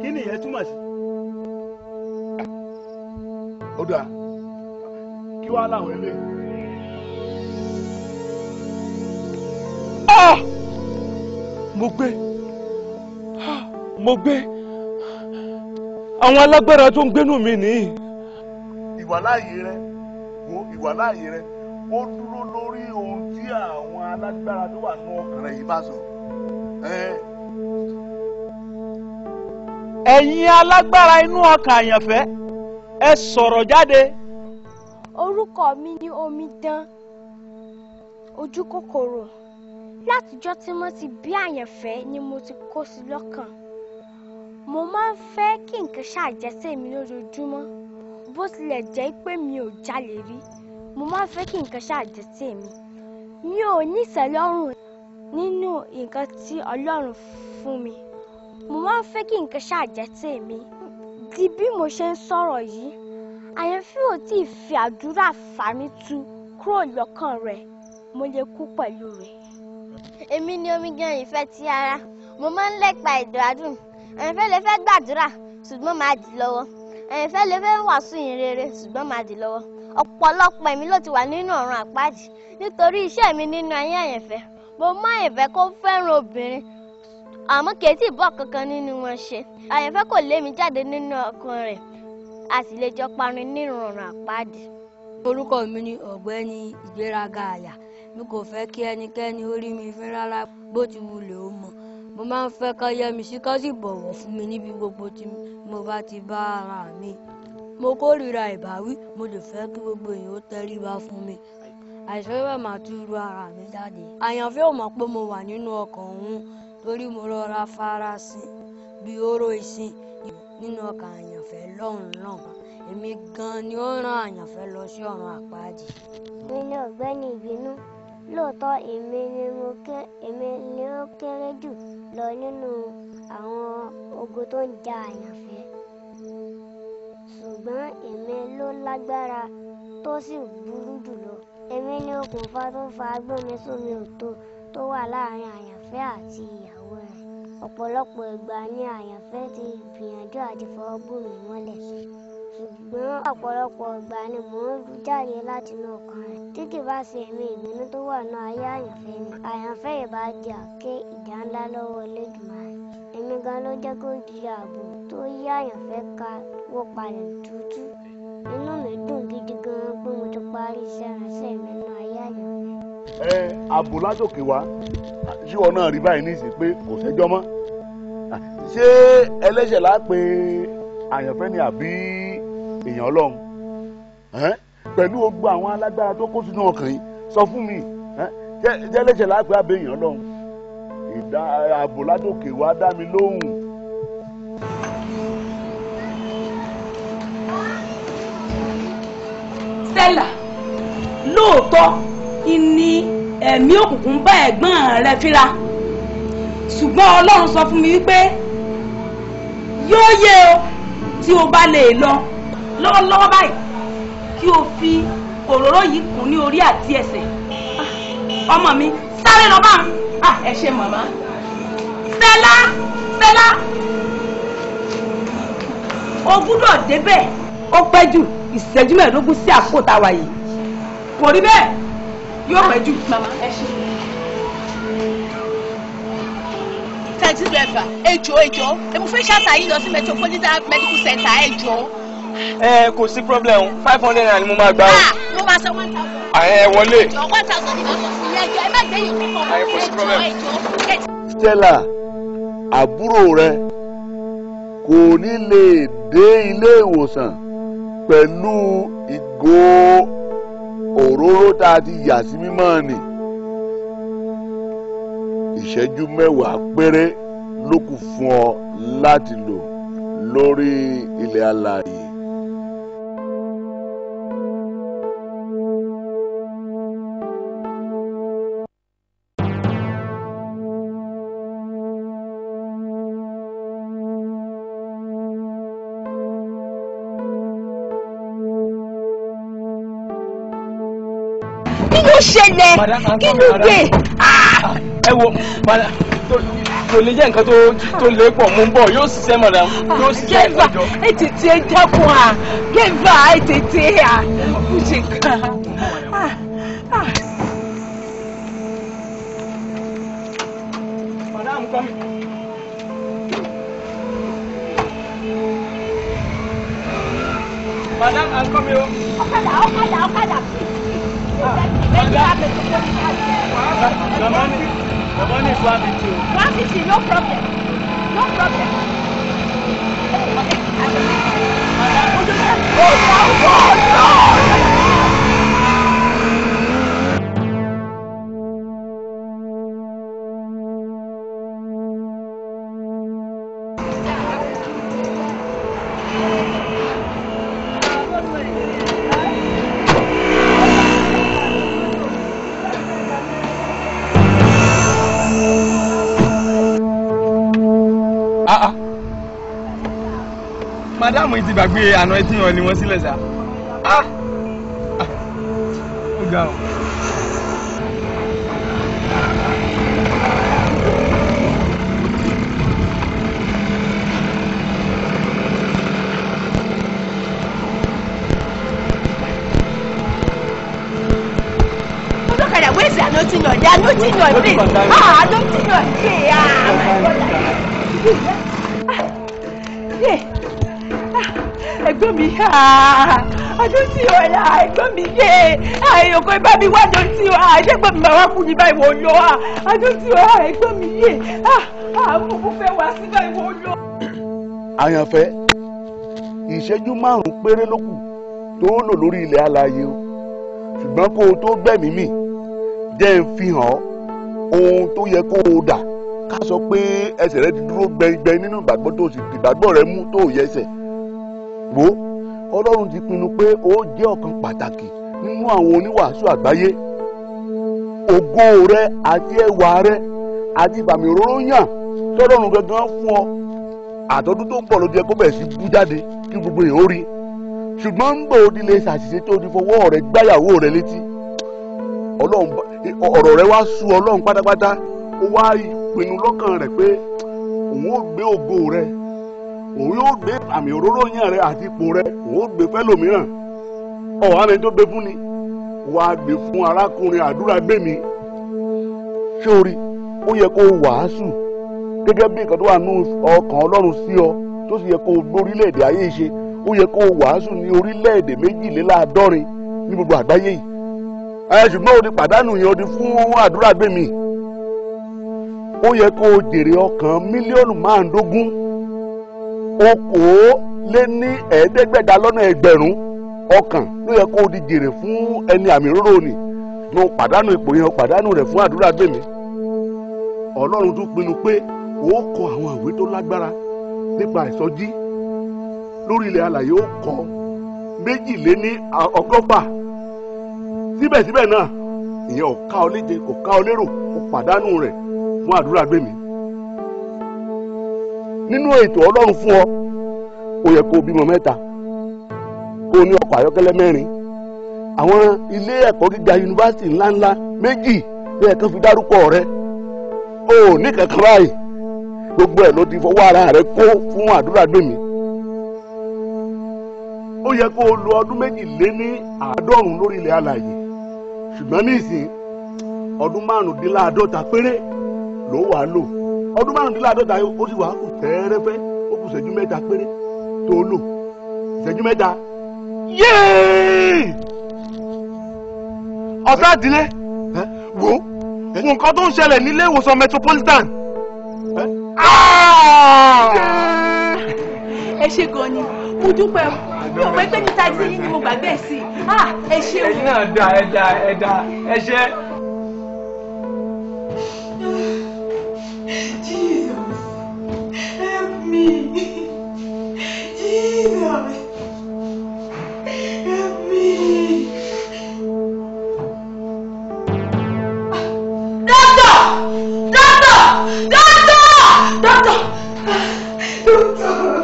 kí ni ìyẹn túmọ̀ sí. ó dáa kí wàá láwọn eléyìí. mo gbé mo gbé àwọn alágbára tó ń gbénú mi nìyí. ìwà rẹ wo ìwà rẹ ó dúró lórí ohun tí àwọn alágbára tó wà nínú ọkàn rẹ yìí bá sọ. ẹ̀yin alágbára inú ọkàn àyànfẹ́ ẹ sọ̀rọ̀ jáde. mi ni omidan ojú kòkòrò. látijọ́ tí mo ti bí àyànfẹ́ ni mo ti kó sí lọ́kàn mo máa ń fẹ́ kí nǹkan ṣàjẹsẹ̀ mi lójoojúmọ́ bó tilẹ̀ jẹ́ pé mi ò jalè rí mo máa ń fẹ́ kí nǹkan ṣàjẹsẹ̀ mi mi ò níṣẹ́lọ́rùn nínú nǹkan tí Ọlọ́run fún mi mo máa ń fẹ́ kí nǹkan ṣàjẹsẹ̀ mi di bí mo ṣe ń sọ̀rọ̀ yìí àyànfẹ́ ò tí ì fi àdúrà fà mí tu kúrò lọ́kàn rẹ̀ mo lè kú pẹ̀lú rẹ̀ èmi ni omigan ìfẹ́ ti ara mo máa ń lépa ìdúrádùn ẹ̀yìnfẹ́ lè fẹ́ gbàdúrà ṣùgbọ́n máa dì lọ́wọ́ ẹ̀yìnfẹ́ lè fẹ́ wàásù ìrere ṣùgbọ́n máa dì lọ́wọ́ ọ̀pọ̀lọpọ̀ ẹ̀mí ló ti wà nínú ọ̀run àpáàdì nítorí iṣẹ́ mi nínú ayé àyànfẹ́ mo má àyànfẹ́ kó fẹ́ràn obìnrin àmọ́ kì í tí bọ́ kankan nínú wọn ṣe àyànfẹ́ kò lé mi jáde nínú ọkàn rẹ̀ a sì lè jọ parun nínú ọ̀run àpáàdì. orúkọ mi ni ọ̀gbẹ́ni ìgbéraga àyà mi kò fẹ́ kí ẹnikẹ́ni ó rí mi fín rárá bó ti wulẹ̀ ó mọ̀ mo máa ń fẹ́ ká yẹ mi sí ká sì bọ̀wọ̀ fún mi níbi gbogbo tí mo bá ti bá ara mi mo kórìíra ìbáwí mo lè fẹ́ kí gbogbo èèyàn ó tẹríba fún mi àìsàn yóò máa tú ru ara mi jáde àyànfẹ́ ò mọ̀ pé mo wà nínú ọkàn òun torí mo rọra farasin bí oró ìsìn nínú ọkàn àyànfẹ́ lọ́hùn-ún èmi gan ni ó rán àyànfẹ́ lọ sí ọ̀run àpáàdì. mi ọ̀gbẹ́ni ìbínú lóòótọ́ èmi ni mo ké èmi ni ó kéré jù lọ nínú àwọn ogun tó ń ja àyànfẹ́ ṣùgbọ́n èmi ló lágbára tó sì burú jùlọ èmi ni okùnfà tó fa agbómi sómi òtó tó wà láàrin àyànfẹ́ àti ìyàwó rẹ̀ ọ̀pọ̀lọpọ̀ ìgbà ni àyànfẹ́ ti gbìyànjú àti fọwọ́ bò mí mọ́lẹ̀ ṣùgbọ́n ọ̀pọ̀lọpọ̀ ọgbà ni mò ń lù jáde láti inú ọkàn rẹ̀ tí kì bá ṣe èmi ìbínú tó wà náà ayé àyànfẹ́ mi àyànfẹ́ ìbá di àké ìjà ńlá lọ́wọ́ Olódùmarè èmi gan ló jẹ́ kó di ààbò tó yí àyànfẹ́ ká wó palẹ̀ tútù inú mi dùn gidi gan pé mo ti parí iṣẹ́ ránṣẹ́ mi náà ayé àyànfẹ́. ẹ ààbò látòkè wá ṣé ọ náà rí báyìí ní ìsìn pé kò sẹ́jọ́ mọ́ ṣé ẹlẹ́ṣẹ̀ láà àyànfẹ́ ni àbí èèyàn ọlọ́run pẹ̀lú gbogbo àwọn alágbára tó kó sínú ọkàn yìí sọ fún mi jẹ́lẹ́sẹ̀ láàpẹ́ àbẹ̀ èèyàn ọlọ́run ìdá ààbò ládòkè wá dá mi lóhùn. Stella lóòótọ́ ìní ẹ̀mí òkùnkùn bá ẹ̀gbọ́n rẹ fínra ṣùgbọ́n ọlọ́run sọ fún mi wípé yóò yé o tí o bá lè lọ lọ́wọ́lọ́wọ́ báyìí kí o fi òróró yìí kùn ní orí àti ẹsẹ̀ ah, ọmọ mi sáré lọ bá ah, ẹ ṣe màmá Stella Stella o gbúdọ̀ débẹ̀ ó pẹ́ jù ìṣẹ́jú mẹ́ẹ̀ẹ́dógún sí àkókò tá a wà yìí kò rí bẹ́ẹ̀ yóò pẹ́ jù. màmá ẹ ṣe taxi driver ẹ jọ̀ọ́ ẹ jọ̀ọ́ èmi lọ sí metropolitan medical center ẹ ẹ eh, kò sí problem five hundred naira ni mo máa gbà o. ló ah, máa san one thousand. àyẹ ah, eh, wọlé. jọ one thousand ni màá sọ sí ilé ẹ má gbé yìí kúkọ mọ ilé ẹjọ́ ẹjọ́. Stella àbúrò rẹ kò ní lè dé ilé ìwòsàn pẹ̀lú ìgò òróró tá a ti yà sí mímọ́ ni ìṣẹ́jú mẹ́wàá péré ló kù fún ọ láti lò lórí ilẹ̀ alààyè. ṣẹlẹ̀ kí ló ah! ẹ wo padà kò lè jẹ́ nǹkan tó lè pọ̀ mú bọ̀ yóò ṣiṣẹ́ madam yóò ṣiṣẹ́ ìgbàjọ. gẹ́gbà ẹ tètè dẹ́kun à gẹ́gbà ẹ tètè à kò ṣe kàn á. madam come. madam i'm coming. ọ̀kadà ọ̀kadà ọ̀kadà. Ah. The money, the money is 150. 150, no problem. No problem. Oh, oh, oh, oh. yìí ti gbàgbé àná ẹtí wọn ni wọn sílẹ̀ sá. Ah! Ah! ó ga o. Where's the anointing oil? The anointing oil, please. Ah, anointing oil. Yeah, my God. Yeah ẹ̀gbọ́n mi ọdún tí o yà ẹ̀gbọ́n mi yé àyòkó ibà mi wá ọdún tí o àṣẹgbọn mi máa wá kú ní báyìí wò lọ ọdún tí o ẹ̀gbọ́n mi yé àmúkú fẹ́ wá sí báyìí wò lọ. àyànfẹ́ ìṣẹ́jú márùn-ún péré ló kù tó ń lò lórí ilẹ̀ alààyè o ṣùgbọ́n kó o tó gbẹ̀mí mi jẹ́ ń fi hàn ohun tó yẹ kó o dà ká sọ pé ẹsẹ̀ rẹ ti dúró gbẹngbẹng nínú ìgbàgbọ́ tó sì ìgbàgbọ́ rẹ mú tó yẹ ẹsẹ̀ wo ọlọ́run ti pinnu pé ó jẹ́ ọ̀kan pàtàkì nínú àwọn oníwàásù àgbáyé ògo rẹ àti ẹwà rẹ àti ìbàmì òróró yàn tọ́lọ́run gangan fún ọ àtọ́dún tó ń bọ̀ ló jẹ́ kó bẹ̀rẹ̀ sí bú jáde kí gbogbo èèyàn rí ṣùgbọ́n gbò odi lè ṣàṣìṣe tó ti fọwọ́ rẹ gbáyàwó rẹ létí ọ̀rọ̀ rẹ wá sú ọlọ́run pátápátá ó wá pinnu lọ́kàn rẹ̀ pé òun ó gbé ògo rẹ òun yóò gbé àmì òróró yàn rẹ àti ipò rẹ òun ó gbé fẹ́lòmíràn ọ̀hún àmì tó gbé fún ni wà á gbé fún arákùnrin àdúrà gbèmí sórí ó yẹ kó wàásù gẹ́gẹ́ bí nǹkan tó wà nù ọkàn ọlọ́run sí ọ tó sì yẹ kó lórílẹ̀‐èdè ayé ṣe ó yẹ kó wàásù ní orílẹ̀‐èdè méjìléláàádọ́rin ní gbogbo àgbáyé yìí ẹ ṣùgbọ́n o ti pàdánù yẹn o ti fún àdúrà gbèmí ó yẹ kó jèrè ọkàn mílíọ̀nù márùndógún okòóléní ẹ̀ẹ́dẹ́gbẹ̀ta lọ́nà ẹgbẹ̀rún ọkàn ló yẹ kó di jèrè fún ẹni àmì róró ni mo pàdánù ipò yẹn pàdánù rẹ̀ fún àdúrà gbèmí ọlọ́run tún pinnu pé ó kọ àwọn ìwé tó lágbára nípa ìsọjí lórí ilẹ̀ alàyè ó kọ méjìléní ọgọ́fà síbẹ̀síbẹ̀ náà ìyẹn ò ká ọ léde kò ká ọ lérò ó pàdánù rẹ̀ fún àdúrà gbèmí nínú ètò ọlọ́run fún ọ ó yẹ kó o bímọ mẹ́ta kó o ní ọkọ̀ ayọ́kẹ́lẹ́ mẹ́rin àwọn ilé ẹ̀kọ́ gíga yunifásitì ńláńlá méjì ló yẹ fi dárúkọ rẹ o ní kankan báyìí gbogbo ẹ̀ ló ti fọwọ́ ara rẹ kó fún àdúrà gbèmí ó yẹ kó lo ọdún méjì lé ní àádọ́rùn lórí ilẹ̀ alàyè ṣùgbọ́n nísìnyí ọdún márùndínláàádọ́ta péré ló wàá lò ọdún márùndínláàdọ́ta ó sì wà á kù tẹ́ẹ́rẹ́fẹ́ ó kù ṣẹ́jú mẹ́ta péré tó lò ṣẹ́jú mẹ́ta yéé ọ̀sán àdílé wo nǹkan tó ń ṣẹlẹ̀ nílé ìwòsàn metropolitan. ẹ ṣe gan ni mo dúpẹ́ mi ò pẹ́ níta ti yín ni mo gbàgbé ẹ̀ sí ah, ẹ ṣe o. ẹ̀yin náà dá ẹ dá ẹ Doctor! Doctor! Doctor!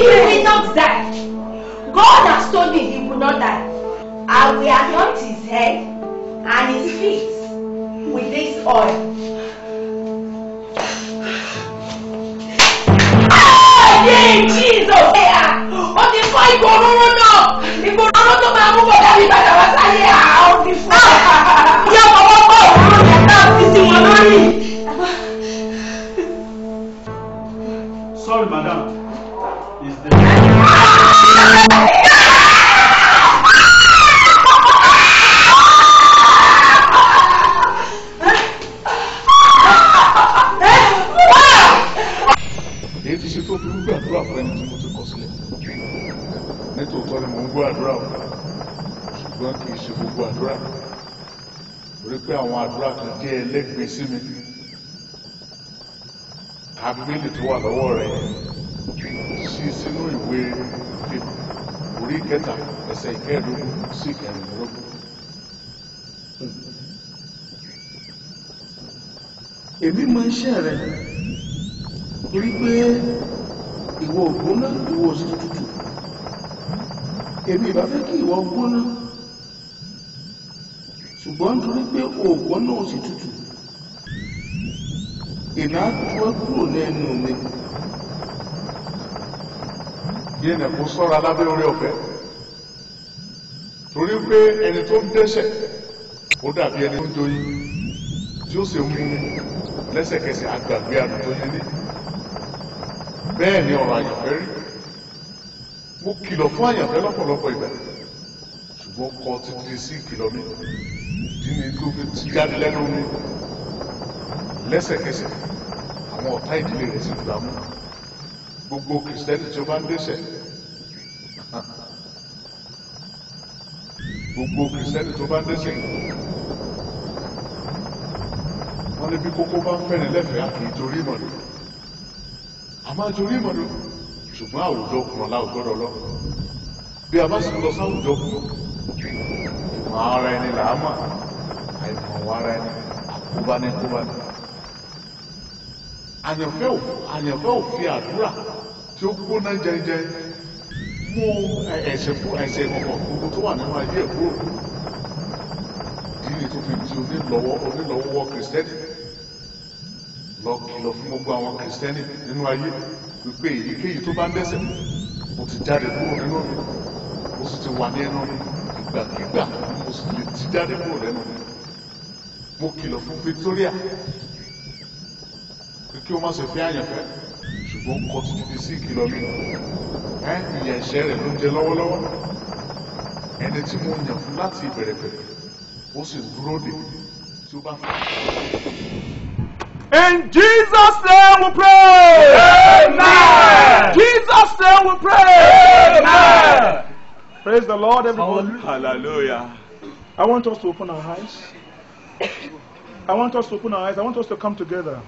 He will not die. God has told me he will not die. I will anoint his head and his feet with this oil. Ah, Jesus ẹ̀yà ó ti fọ́ no, no, no. tó máa mú bọ̀dá mi padà wá sáyé ah, ah, àwọn ti fún un. Yọ̀bọ̀ wọ́pọ̀ òwúrọ̀ yẹn náà ti ti wọ́n lórí. àdúrà torí pé àwọn àdúrà kan jẹ́ ẹlẹ́gbẹ̀ẹ́ sí mi abíbélì tó wà lọ́wọ́ rẹ̀ sí sínú ìwé orí kẹta ẹsẹ̀ ìkẹẹ̀dógún sí ìkẹrìndínlógún. èmi mọ iṣẹ́ rẹ̀ torí pé ìwọ ògbóná ìwọ òsì tútù èmi ìbá fẹ́ kí ìwọ gbóná ṣùgbọ́n nítorí pé òògùn náà sì tútù èmi á tú ẹ kúrò lẹ́nu mi yé nà kó sọ́ra lábẹ́ orí ọ̀fẹ́ torí pé ẹni tó ń dẹ́ṣẹ̀ ó dàbí ẹni tó ń doyin tí ó sì mú lẹ́sẹ̀kẹsẹ̀ àgbàgbé àdùntóyin ní bẹ́ẹ̀ ni ọ̀rọ̀ àyànfẹ́ rí mo kìlọ̀ fún àyànfẹ́ lọ́pọ̀lọpọ̀ ìgbà ṣùgbọ́n kọ títí sí ìkìlọ̀ mi ìdí ni tó fi ti jáde lẹ́nu omi lẹ́sẹ̀kẹsẹ̀ àwọn ọ̀tá ìdílé rẹ̀ sì gbà mú gbogbo kìrìsìtẹ́nì tí ó bá ń dẹ́ṣẹ̀ gbogbo kìrìsìtẹ́nì tó bá ń dẹ́ṣẹ̀ wọ́n lé bí kókó bá ń fẹ́rẹ̀ lẹ́fẹ̀ẹ́ àti ìtorí ìmọ̀lẹ́ àmọ́ ìtorí ìmọ̀lẹ́ ṣùgbọ́n àwùjọ kùnà láwùjọ́dọ̀ lọ bí a bá sì lọ sáwùjọ kùnà ara ẹni làá mọ̀ ara ẹni kó bá ní kó bá ní. àyànfẹ́ ò àyànfẹ́ ò fi àdúrà tí ó gbóná jẹjẹ mú ẹsẹ̀ fún ẹsẹ̀ ọkọ̀ gbogbo tó wà nínú ayé ẹ̀ kúrò kí ni tó fi di onílọ́wọ́ onílọ́wọ́ kìrìsìtẹ́nì lọ kìlọ̀ fún gbogbo àwọn kìrìsìtẹ́nì nínú ayé wípé èyíkéyìí tó bá ń dẹ́ṣẹ̀ mo ti jáde kúrò nínú mi mo sì ti wà ní ẹnu ìgbàkigbà mo sì lè ti jáde kúrò mo kìlọ̀ fún Victoria kí o má ṣe fẹ́ ṣùgbọ́n kọ́ títí di sí ìkìlọ̀ mi ẹ ìyà ẹ̀ṣẹ̀ rẹ̀ ló jẹ lọ́wọ́lọ́wọ́ ẹni tí mo yàn fún láti ìbẹ̀rẹ̀bẹ̀rẹ̀ ó sì dúró dè tí ó bá fẹ́. In Jesus' name we pray. Amen. Jesus' name we pray. Amen. Praise the Lord, everyone. Hallelujah. I want us to open our eyes. I want us to open our eyes. I want us to come together.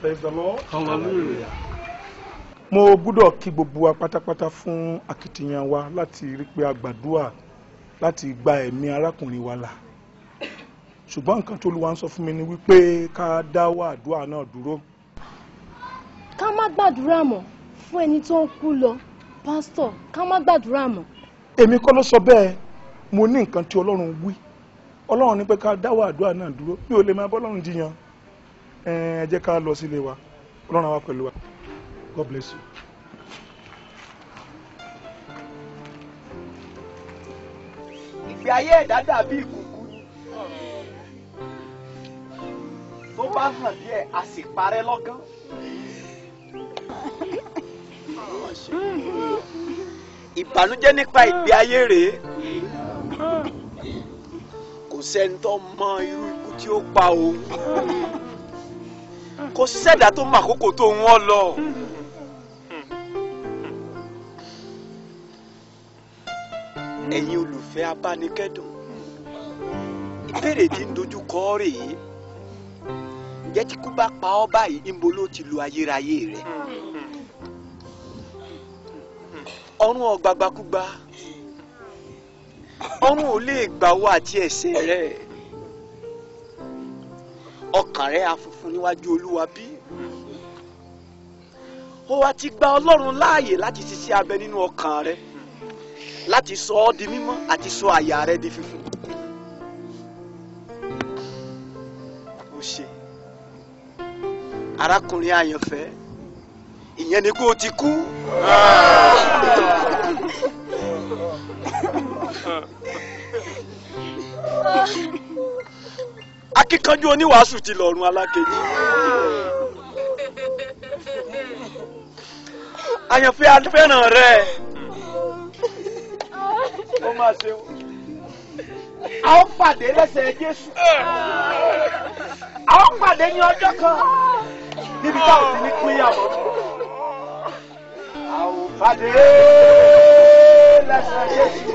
Praise the Lord. Hallelujah. Mo gbúdọ̀ kí gbogbo wa pátápátá fún akitiyan wa láti rí pé a gbàdúrà láti gba ẹ̀mí arákùnrin wa là. Ṣùgbọ́n nǹkan tó Olúwa ń sọ fún mi ni wípé ká dáwọ́ àdúrà náà dúró. Ká má gbàdúrà mọ́ fún ẹni tó ń kú lọ, pásítọ̀, ká má gbàdúrà mọ́. Èmi kọ́ ló sọ bẹ́ẹ̀ mo ní nǹkan tí ọlọ́run wí ọlọ́run ní pé ká dáwọ́ àdúrà náà dúró mi ò lè máa bọ́lọ́run jiyàn ẹ jẹ́ ká lọ sílé wa ọlọ́run àwa pẹ̀lú wa God bless you. ìgbé ayé ẹ̀dá dàbí ìkùkù ni tó bá hàn díẹ̀ a sì parẹ́ lọ́gán. ìbànújẹ́ nípa ìgbé ayé rèé kò sẹ́ni tó mọ irú ikú tí ó pa òun kò sẹ́dá tó mọ àkókò tó wọ́n lọ. ẹ̀yin olùfẹ́ abánikẹ́dùn ìbéèrè tí ń dojú kọ rèé ǹjẹ́ tí kú bá pa ọ́ báyìí níbo ló ti lu ayérayé rẹ̀ ọ̀run ọ̀gbagbakúgba. Mm -hmm ọrùn ò lè gbà owó àti ẹsẹ̀ rẹ ọkàn rẹ afunfun níwájú olúwa bí ó wá ti gba ọlọ́run láàyè láti ṣiṣẹ́ abẹ nínú ọkàn rẹ láti sọ ọ́ di mímọ́ àti sọ àyà rẹ di funfun ó ṣe arákùnrin àyànfẹ́ ìyẹn ni kó o ti kú. akíkanjú oníwàásù ti lọ́rùn alákejì àyànfẹ́ afẹ́ràn rẹ̀ ó máa ṣe o a ó pàdé lẹ́sẹ̀ Jésù a ó pàdé ní ọjọ́ kan níbi táwọn ti ní pínyàwó a ó pàdé lẹ́sẹ̀ Jésù.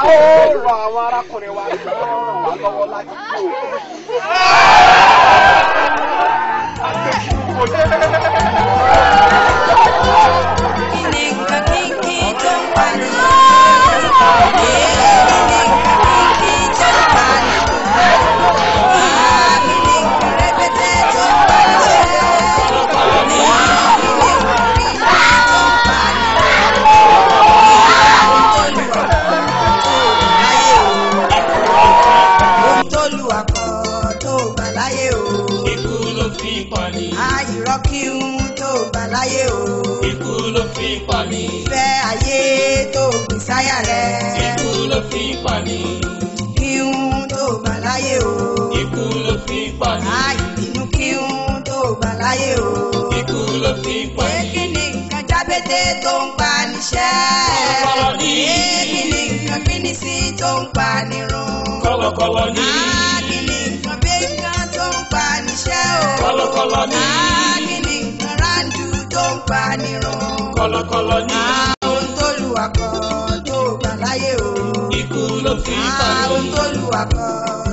a ó rọ àwọn arákùnrin tó ń pa ṣẹ́ kíni nǹkan kíni sí tó ń pa nírun kọ̀lọ̀kọ̀lọ̀ ni kíni nǹkan bí nǹkan tó ń pa níṣẹ́ o kọ̀lọ̀kọ̀lọ̀ ni kíni nǹkan ráńdù tó ń pa nírun kọ̀lọ̀kọ̀lọ̀ ni ohun tó lù wá kan tó gbà láyé o ikú ló fi ń pa lóyún ohun tó lù wá